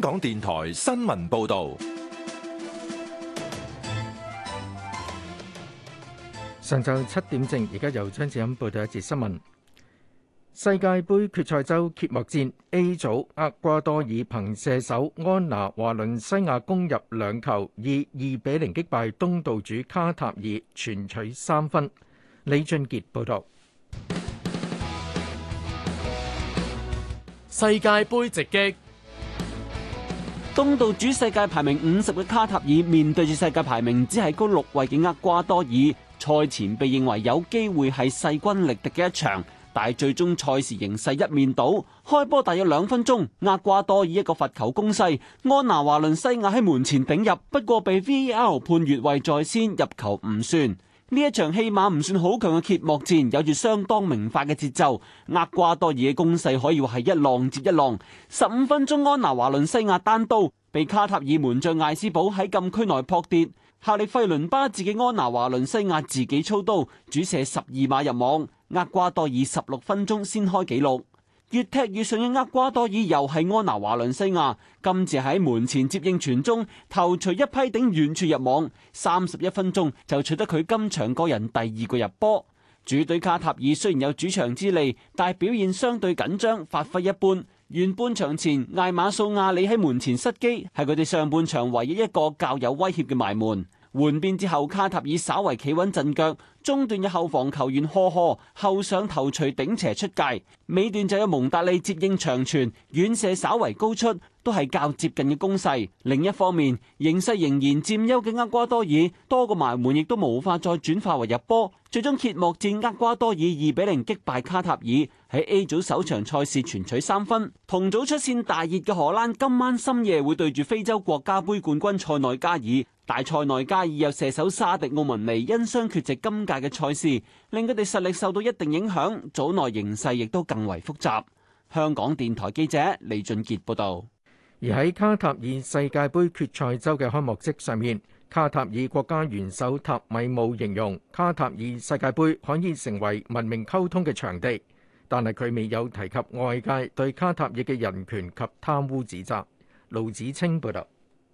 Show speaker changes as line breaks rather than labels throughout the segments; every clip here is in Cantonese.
香港電台新聞報道：上晝七點正，而家由張子欣報道一節新聞。世界杯決賽周揭幕戰，A 組厄瓜多爾憑射手安娜華倫西亞攻入兩球，以二比零擊敗東道主卡塔爾，全取三分。李俊傑報道。
世界杯直擊。東道主世界排名五十嘅卡塔爾面對住世界排名只係高六位嘅厄瓜多爾，賽前被認為有機會係勢均力敵嘅一場，但係最終賽事形勢一面倒。開波大約兩分鐘，厄瓜多爾一個罰球攻勢，安拿華倫西亞喺門前頂入，不過被 VAR 判越位在先，入球唔算。呢一場戲碼唔算好強嘅揭幕戰，有住相當明快嘅節奏。厄瓜多爾嘅攻勢可以話係一浪接一浪。十五分鐘，安娜華倫西亞單刀被卡塔爾門將艾斯堡喺禁區內撲跌。夏利費倫巴自己安娜華倫西亞自己操刀主射十二碼入網。厄瓜多爾十六分鐘先開紀錄。越踢越順嘅厄瓜多爾又係安娜華倫西亞，今次喺門前接應傳中，頭錘一批頂遠柱入網，三十一分鐘就取得佢今場個人第二個入波。主隊卡塔爾雖然有主場之利，但係表現相對緊張，發揮一般。原半場前艾馬素亞里喺門前失機，係佢哋上半場唯一一個較有威脅嘅埋門。換邊之後，卡塔爾稍為企穩陣腳，中段有後防球員呵呵後上頭錘頂斜出界，尾段就有蒙達利接應長傳遠射，稍為高出都係較接近嘅攻勢。另一方面，形勢仍然佔優嘅厄瓜多爾多個埋門，亦都無法再轉化為入波，最終揭幕戰厄瓜多爾二比零擊敗卡塔爾，喺 A 組首場賽事全取三分。同組出線大熱嘅荷蘭今晚深夜會對住非洲國家杯冠軍塞內加爾。大賽塞內加爾有射手沙迪奧文尼因傷缺席今屆嘅賽事，令佢哋實力受到一定影響。組內形勢亦都更為複雜。香港電台記者李俊傑報導。
而喺卡塔爾世界盃決賽周嘅開幕式上面，卡塔爾國家元首塔米姆形容卡塔爾世界盃可以成為文明溝通嘅場地，但係佢未有提及外界對卡塔爾嘅人權及貪污指責。盧子清報導。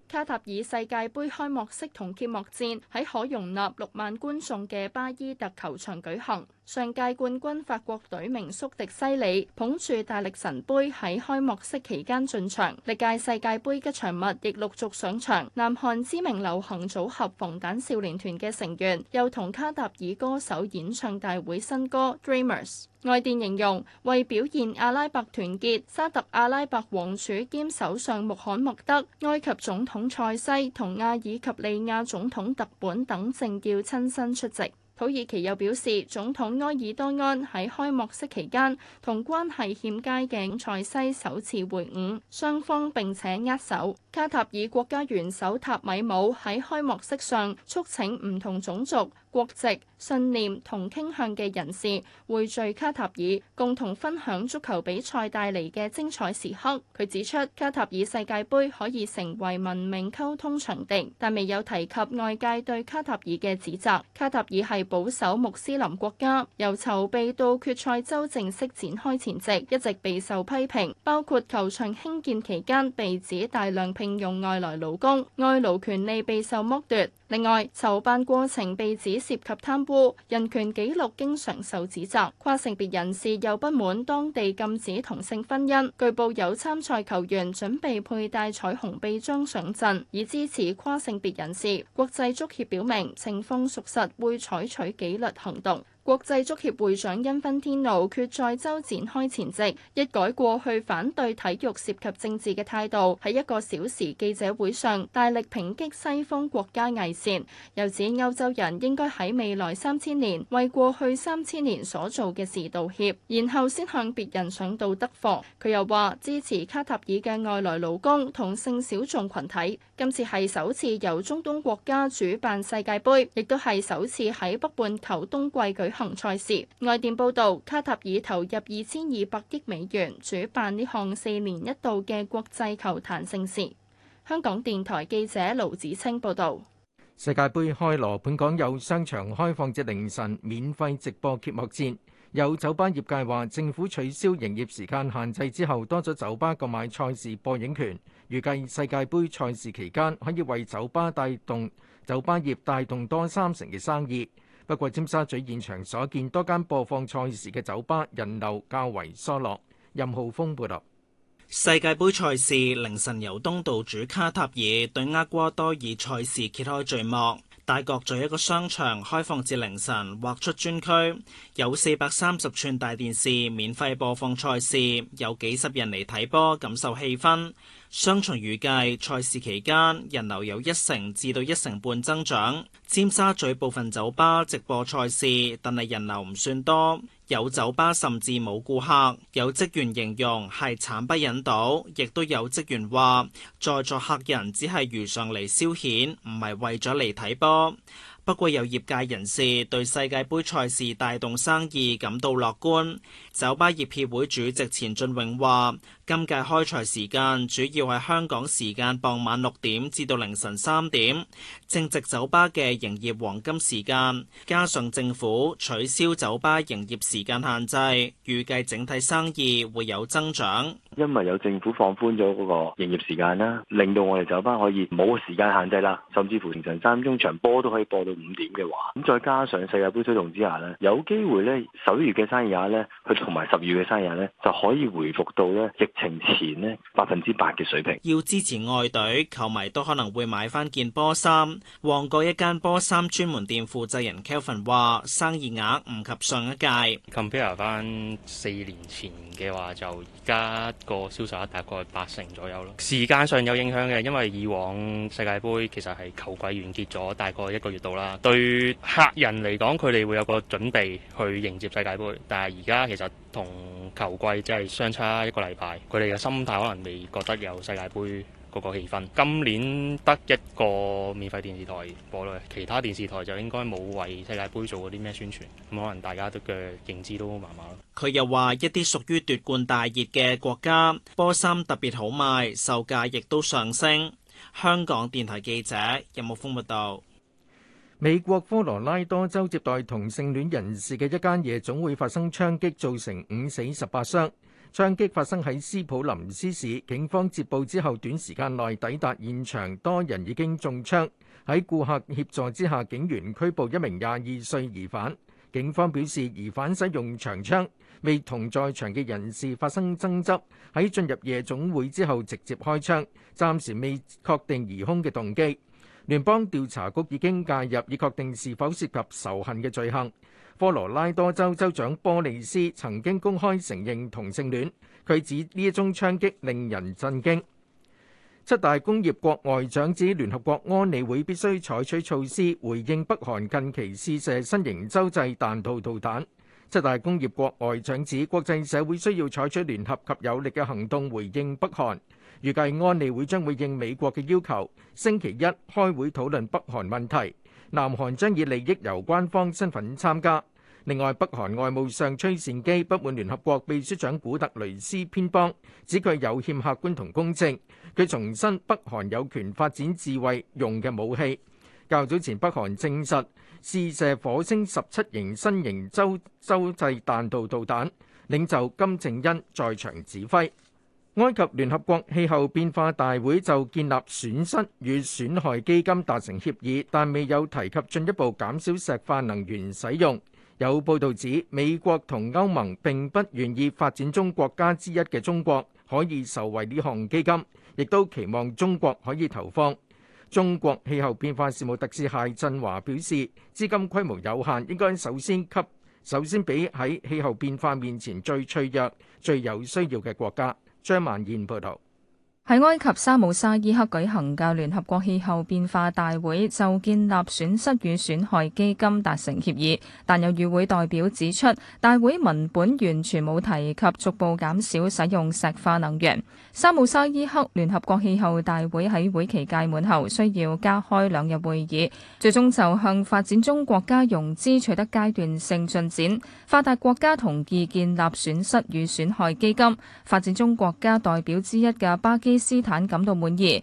卡塔爾世界盃開幕式同揭幕戰喺可容納六萬觀眾嘅巴伊特球場舉行。上屆冠軍法國隊名宿迪西里捧住大力神杯喺開幕式期間進場。歷屆世界盃吉祥物亦陸續上場。南韓知名流行組合防彈少年團嘅成員又同卡塔爾歌手演唱大會新歌《Dreamers》。外電形容為表現阿拉伯團結，沙特阿拉伯王儲兼首相穆罕默德、埃及總統塞西同阿爾及利亞總統特本等政要親身出席。土耳其又表示，總統埃爾多安喺開幕式期間同關係欠佳嘅塞西首次會晤，雙方並且握手。卡塔爾國家元首塔米姆喺開幕式上促請唔同種族、國籍。信念同傾向嘅人士匯聚卡塔爾，共同分享足球比賽帶嚟嘅精彩時刻。佢指出，卡塔爾世界盃可以成為文明溝通場地，但未有提及外界對卡塔爾嘅指責。卡塔爾係保守穆斯林國家，由籌備到決賽周正式展開前夕，一直備受批評，包括球場興建期間被指大量聘用外來勞工，外勞權利備受剝奪。另外，籌辦過程被指涉及貪。乎人權紀錄經常受指責，跨性別人士又不滿當地禁止同性婚姻。據報有參賽球員準備佩戴彩虹臂章上陣，以支持跨性別人士。國際足協表明情況屬實，會採取紀律行動。國際足協會長因芬天奴決賽周展開前夕，一改過去反對體育涉及政治嘅態度，喺一個小時記者會上，大力抨擊西方國家偽善，又指歐洲人應該喺未來三千年為過去三千年所做嘅事道歉，然後先向別人上道德課。佢又話支持卡塔爾嘅外來勞工同性小眾群體。今次係首次由中東國家主辦世界盃，亦都係首次喺北半球冬季舉行。行賽事，外電報導，卡塔爾投入二千二百億美元主辦呢項四年一度嘅國際球壇盛事。香港電台記者盧子清報導。
世界盃開鑼，本港有商場開放至凌晨免費直播揭幕戰。有酒吧業界話，政府取消營業時間限制之後，多咗酒吧購買賽事播映權，預計世界盃賽事期間可以為酒吧帶動酒吧業帶動多三成嘅生意。不過，尖沙咀現場所見多間播放賽事嘅酒吧人流較為疏落。任浩峰報導，世界盃賽事凌晨由東道
主卡塔爾對厄瓜多爾賽事揭開序幕。大角咀一個商場開放至凌晨，劃出專區，有四百三十寸大電視免費播放賽事，有幾十人嚟睇波感受氣氛。商場預計賽事期間人流有一成至到一成半增長，尖沙咀部分酒吧直播賽事，但係人流唔算多。有酒吧甚至冇顧客，有職員形容係慘不忍睹，亦都有職員話在座客人只係如常嚟消遣，唔係為咗嚟睇波。不過有業界人士對世界盃賽事帶動生意感到樂觀，酒吧業協會主席錢俊永話。今屆開賽時間主要係香港時間傍晚六點至到凌晨三點，正值酒吧嘅營業黃金時間，加上政府取消酒吧營業時間限制，預計整體生意會有增長。
因為有政府放寬咗嗰個營業時間啦，令到我哋酒吧可以冇時間限制啦，甚至乎凌晨三點鐘場波都可以播到五點嘅話，咁再加上世界盃推動之下呢，有機會呢，十一月嘅生意日呢，佢同埋十二月嘅生意日呢，就可以回復到呢。程前呢，百分之百嘅水平，
要支持外隊，球迷都可能會買翻件波衫。旺角一間波衫專門店負責人 Kelvin 話：生意額唔及上一屆。Compare 翻四年前嘅話，就而家個銷售額大概八成左右咯。時間上有影響嘅，因為以往世界盃其實係球季完結咗，大概一個月度啦。對客人嚟講，佢哋會有個準備去迎接世界盃，但係而家其實，同球季即係相差一個禮拜，佢哋嘅心態可能未覺得有世界杯嗰個氣氛。今年得一個免費電視台播啦，其他電視台就應該冇為世界杯做嗰啲咩宣傳，咁可能大家都嘅認知都麻麻。佢又話，一啲屬於奪冠大熱嘅國家波衫特別好賣，售價亦都上升。香港電台記者任木峯報道。有
美國科羅拉多州接待同性戀人士嘅一間夜總會發生槍擊，造成五死十八傷。槍擊發生喺斯普林斯市，警方接報之後短時間內抵達現場，多人已經中槍。喺顧客協助之下，警員拘捕一名廿二歲疑犯。警方表示，疑犯使用長槍，未同在場嘅人士發生爭執。喺進入夜總會之後直接開槍，暫時未確定疑凶嘅動機。聯邦調查局已經介入，以確定是否涉及仇恨嘅罪行。科羅拉多州州長波利斯曾經公開承認同性戀，佢指呢一宗槍擊令人震驚。七大工業國外長指，聯合國安理會必須採取措施，回應北韓近期試射新型洲際彈道導彈。七大工業國外長指，國際社會需要採取聯合及有力嘅行動，回應北韓。預計安理會將會應美國嘅要求，星期一開會討論北韓問題。南韓將以利益攸關方身份參加。另外，北韓外務相崔善姬不滿聯合國秘書長古特雷斯偏幫，指佢有欠客觀同公正。佢重申北韓有權發展智慧用嘅武器。較早前北韓證實，試射火星十七型新型洲洲際彈道導彈，領袖金正恩在場指揮。埃及聯合國氣候變化大會就建立損失與損害基金達成協議，但未有提及進一步減少石化能源使用。有報道指，美國同歐盟並不願意發展中國家之一嘅中國可以受惠呢項基金，亦都期望中國可以投放。中國氣候變化事務特使解振華表示，資金規模有限，應該首先給、首先俾喺氣候變化面前最脆弱、最有需要嘅國家。張曼燕報道。
喺埃及沙姆沙伊克舉行嘅聯合國氣候變化大會就建立損失與損害基金達成協議，但有與會代表指出，大會文本完全冇提及逐步減少使用石化能源。沙姆沙伊克聯合國氣候大會喺會期屆滿後需要加開兩日會議，最終就向發展中國家融資取得階段性進展。發達國家同意建立損失與損害基金，發展中國家代表之一嘅巴基斯坦感到滿意。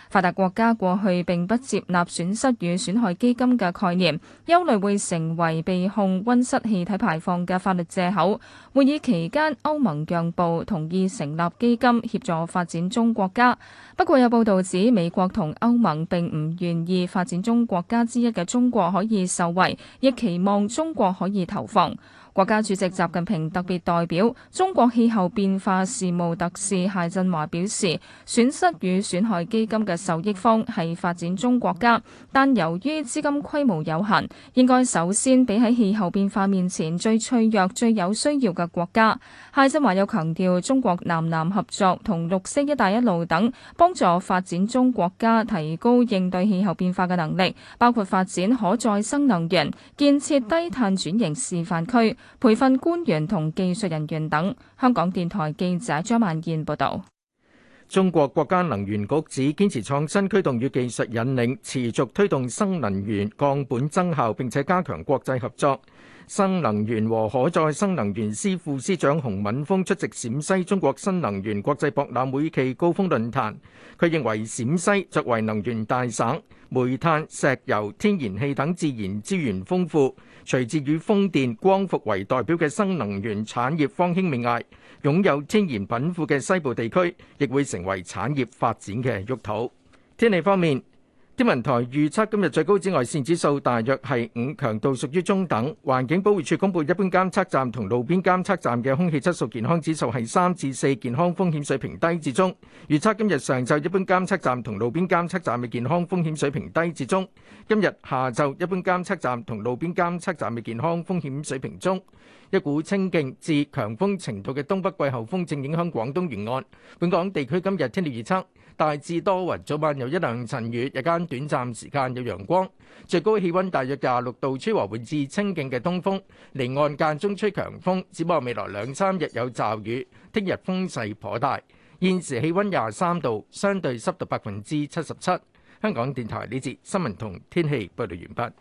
發達國家過去並不接納損失與損害基金嘅概念，憂慮會成為被控温室氣體排放嘅法律藉口。會議期間，歐盟讓步同意成立基金協助發展中國家，不過有報道指美國同歐盟並唔願意發展中國家之一嘅中國可以受惠，亦期望中國可以投放。國家主席習近平特別代表、中國氣候變化事務特使解振華表示，損失與損害基金嘅受益方係發展中國家，但由於資金規模有限，應該首先俾喺氣候變化面前最脆弱、最有需要嘅國家。解振華又強調，中國南南合作同綠色“一帶一路”等，幫助發展中國家提高應對氣候變化嘅能力，包括發展可再生能源、建設低碳轉型示範區，培訓官員同技術人員等。香港電台記者張萬燕報道。
中國國家能源局指堅持創新驅動與技術引領，持續推動新能源降本增效，並且加強國際合作。新能源和可再生能源司副司長洪敏峰出席陝西中國新能源國際博覽會暨高峰論壇。佢認為陝西作為能源大省，煤炭、石油、天然氣等自然資源豐富。隨着以風電、光伏為代表嘅新能源產業方興未艾，擁有天然稟賦嘅西部地區，亦會成為產業發展嘅沃土。天氣方面。天文台預測今日最高紫外線指數大約係五，強度屬於中等。環境保護署公布一般監測站同路邊監測站嘅空氣質素健康指數係三至四，健康風險水平低至中。預測今日上晝一般監測站同路邊監測站嘅健康風險水平低至中，今日下晝一般監測站同路邊監測站嘅健康風險水平中。一股清勁至強風程度嘅東北季候風正影響廣東沿岸，本港地區今日天氣預測大致多雲，早晚有一兩陣雨，日間短暫時間有陽光，最高氣温大約廿六度，吹和緩至清勁嘅東風，離岸間中吹強風，展望未來兩三日有驟雨，聽日風勢頗大。現時氣温廿三度，相對濕度百分之七十七。香港電台呢節新聞同天氣報道完畢。